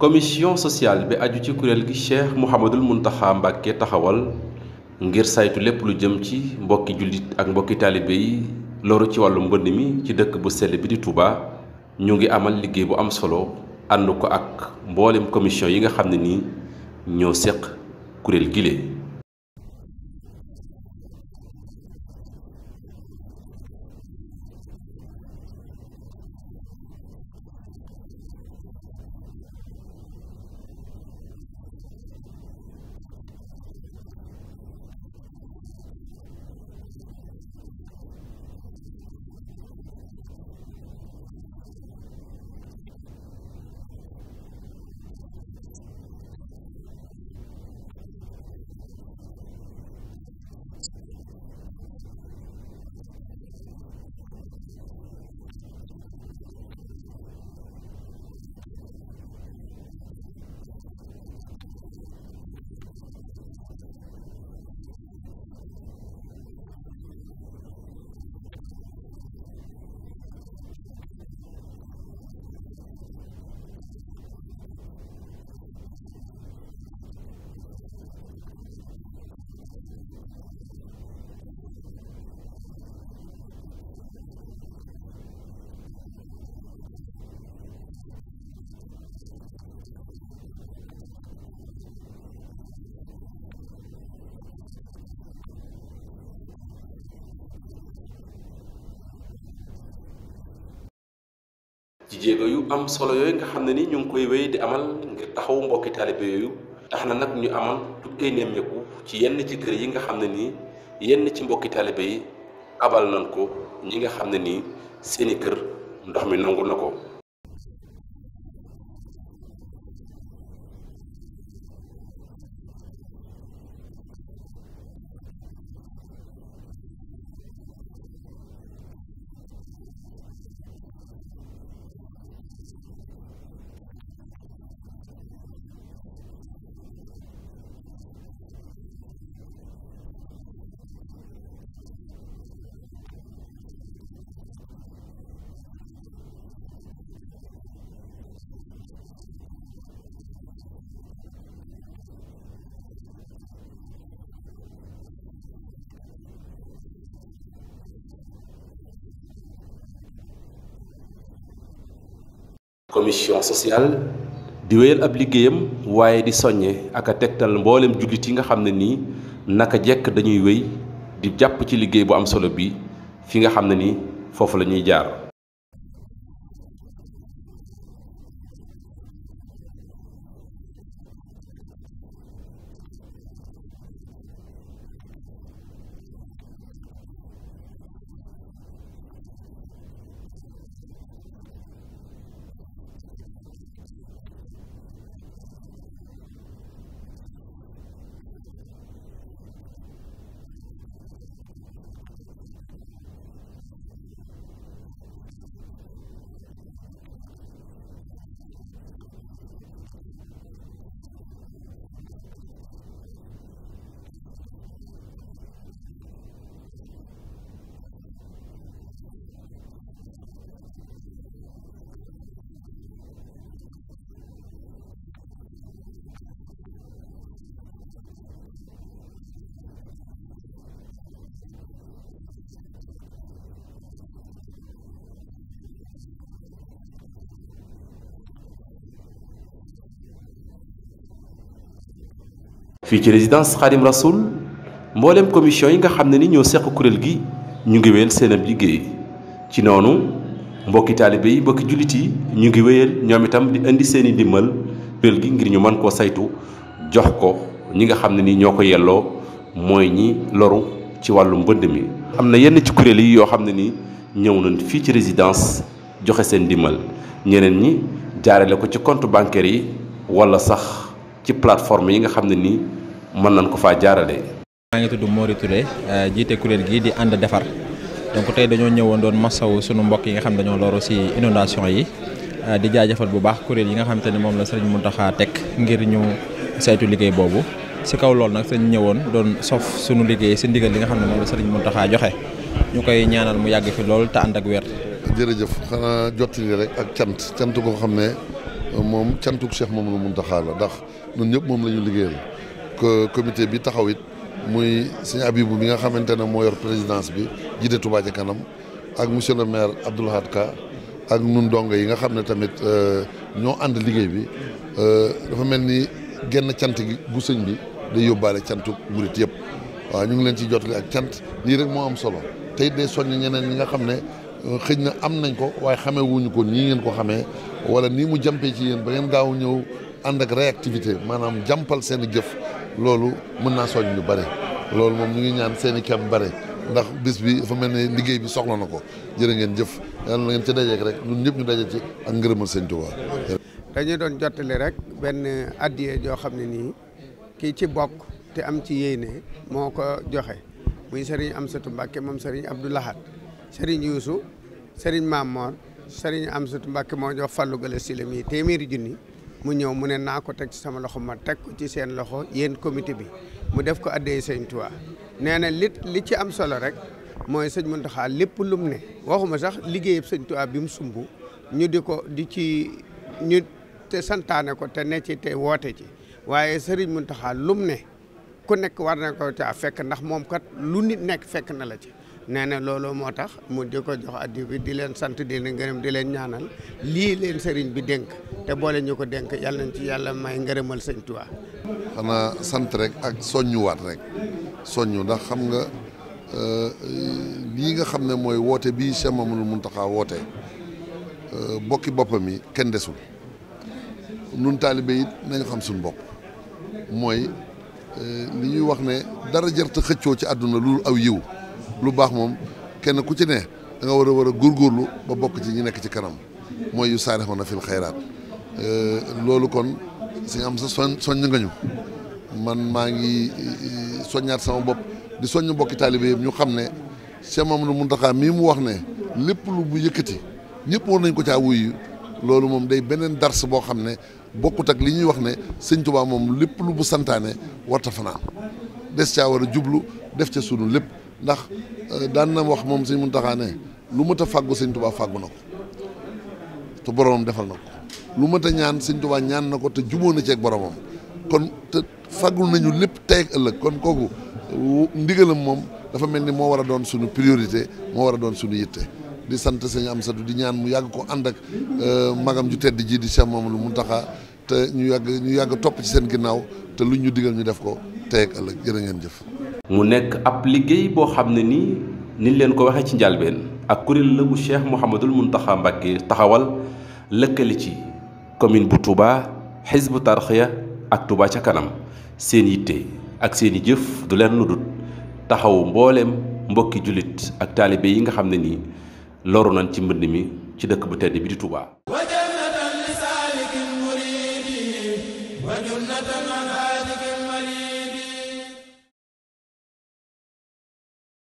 komisiyon man bi aju ci kuréel gi cheikh mouhamadul muntaxa mbàkke taxawal ngir saytu lépp lu jëm ci mbokki jullit ak mbokki taalibe yi loru ci wàllu mbënd mi ci dëkk bu sell bi di Touba ñu ngi amal liggéey bu am solo ànd ko ak mboolem commission yi nga xam ne nii ñoo seq kuréel gile ci jéego yu am solo yooyu nga xam ne ni ñu ngi koy wéy di amal ngir taxaw mbokki taalibe yooyu tax na nag ñu amoon tukkee nemmeeku ci yenn ci kër yi nga xam ne nii yenn ci mbokki taalibe yi abal nañ ko ñi nga xam ne nii seeni kër ndox mi nangu na ko commission sociale di wéyal ab liggéeyam waaye di soññe ak a tegtal mboolem jullit yi nga xam ne nii naka jekk dañuy wéy di jàpp ci liggéey bu am solo bi fi nga xam ne ni foofu la ñuy jaar fii ci résidence Khadim Rasoul mbooleem commission yi nga xam ne ni ñoo seq kuréel gi ñu ngi wéyal seen ab liggéey ci noonu mbokki taalibe yi mbokki jullit yi ñu ngi wéyal ñoom itam di indi seen i dimbal kuréel gi ngir ñu mën koo saytu jox ko ñi nga xam ne ni ñoo ko yelloo mooy ñi loru ci wàllu mbënd mi. am na yenn ci kuréel yi yoo xam ne ni ñëw nañ fii ci résidence joxe seen dimbal ñeneen ñi jaarale ko ci compte banquer yi wala sax ci plateforme yi nga xam ne nii. mën nañ ko faa jaarale. maa ngi tudd Mori Touré euh, jiite kuréel gii di ànd defar donc tey dañoo ñëwoon doon masawu sunu mbokk yi nga xam ne dañoo loru ci inondation yi euh, di jaajëfal bu baax kuréel yi nga xam ne moom la sëriñ Mountakha teg ngir ñu saytu liggéey boobu si kaw loolu nag sëriñ ñëwoon doon sof sunu liggéey ci ndigal li nga xam ne moom la sëriñ Mountakha joxe ñu koy ñaanal mu yàgg fi lool te ànd ak weer jërëjëf xanaa jottali rek ak cant cant koo xam ne moom cantuk Cheikh moom la Mountakha la ndax ñun ñëpp moom la ñu comité bi taxawit muy sëñ Abibu bi nga xamante ne moo yor présidence bi jiite Touba ca kanam ak monsieur le maire Abdoul Ahad Ka ak nun dongo yi nga xam ne tamit euh, ñoo ànd liggéey bi euh, dafa mel ni genn cant gi gu sëñ bi day yóbbaale cant murit yëpp waa ñu ngi leen ci jotali ak cant lii rek moo am solo tey de soññ ñeneen ñi nga xam ne euh, xëñ na am nañ ko waaye xamee wuñu ko nii ngeen ko xamee wala nii mu jàmpee ci yéen ba ngeen gaaw ñëw ànd ak réactivité maanaam jàmpal seen jëf loolu mën naa soñ ñu bare loolu moom ñu ngi ñaan seen i kem bare ndax bis bi dafa mel ne liggéey bi soxla na ko jërë ngeen jëf yàlla ngeen ci dajeek rek ñun ñëpp ñu daje ci ak ngërëmal seen Tuubaa dañu doon jottali rek benn addiye joo xam ne nii kii ci bokk te am ci yéene moo ko joxe muy am Amsatou Mbacke moom Serigne Abdou Lahad Serigne Youssou Serigne Mamor am Amsatou Mbacke moo jox Fallou Gala Sile mii téeméeri junni mu ñëw mu ne naa ko teg ci sama loxo ma teg ko ci seen loxo yéen comité bi mu def ko addee sëñ Tuubaa nee na li li ci am solo rek mooy sëñ Muntaxa lépp lum ne waxuma sax liggéeyab sëñ Tuubaa bi mu sumb ñu di ko di ci ñu te santaane ko te ne ci te woote ci waaye sëriñ Muntaxa lum ne ku nekk war na ko caa fekk ndax moom kat lu nit nekk fekk na la ci nee na loolu moo tax mu di ko jox addi bi di leen sant di leen gërëm di leen ñaanal lii leen sëriñ bi dénk te boole ñu ko dénk yàlla nañ ci yàlla may ngërëmal sëñ Tuubaa. xanaa sant rek ak soññuwaat rek soññu ndax xam nga lii nga xam ne mooy woote bii Cheikh mun Mountakha woote bokki boppam yi kenn desul nun taalibe it nañu xam suñ bopp mooy li ñuy wax ne dara jërta xëccoo ci àdduna loolu aw yiw lu baax moom kenn ku ci ne da nga war a war a góor góorlu ba bokk ci ñu nekk ci kanam mooy yu saarix na fil xayraat euh, loolu kon si am sa soñ soññ nga ñu man maa ngi euh, soññaat sama bopp di soññ mbokki taalibe yëpp ñu xam ne Cheikh Mamadou Mountakha mii mu wax ne lépp lu bu yëkkati ñëpp war nañ ko caa wuyu loolu moom day beneen dars boo xam ne bokkut ak li ñuy wax ne sëñ Tuubaa moom lépp lu bu santaane warta fanaan des caa war a jublu def ca sunu lépp ndax euh, daan na wax moom sëñ Muntaxa ne lu mat a fàggu sëñ Tuubaa fàggu na ko te boromam defal na ko lu mat a ñaan sëñ Tuubaa ñaan na ko te jubóo na ceeg boromam kon te fàggul nañu lépp tey ëllëg kon kooku ndigalam moom dafa mel ni moo war a doon suñu priorité moo war a doon suñu yitte di sant sëñ Amsatu di ñaan mu yàgg ko ànd ak euh, magam ju tedd ji di lu Mamadou Muntaxa te ñu yàgg ñu yàgg topp ci seen ginnaaw te lu ñu digal ñu def ko tey ak ëllëg ngeen jëf mu nekk ab liggéey boo xam ne nii niñ leen ko waxee ci njàlbeen ak kuréel la bu Cheikh Mouhamadul Mountakha Mbacké taxawal lëkkale ci commune bu Touba Hizbut ya ak tubaa ca kanam seen yitte ak seen i jëf du leen lu dut taxawu mbooleem mbokki jullit ak taalibe yi nga xam ne nii loru nañ ci mbënd mi ci dëkk bu tedd bi di Touba.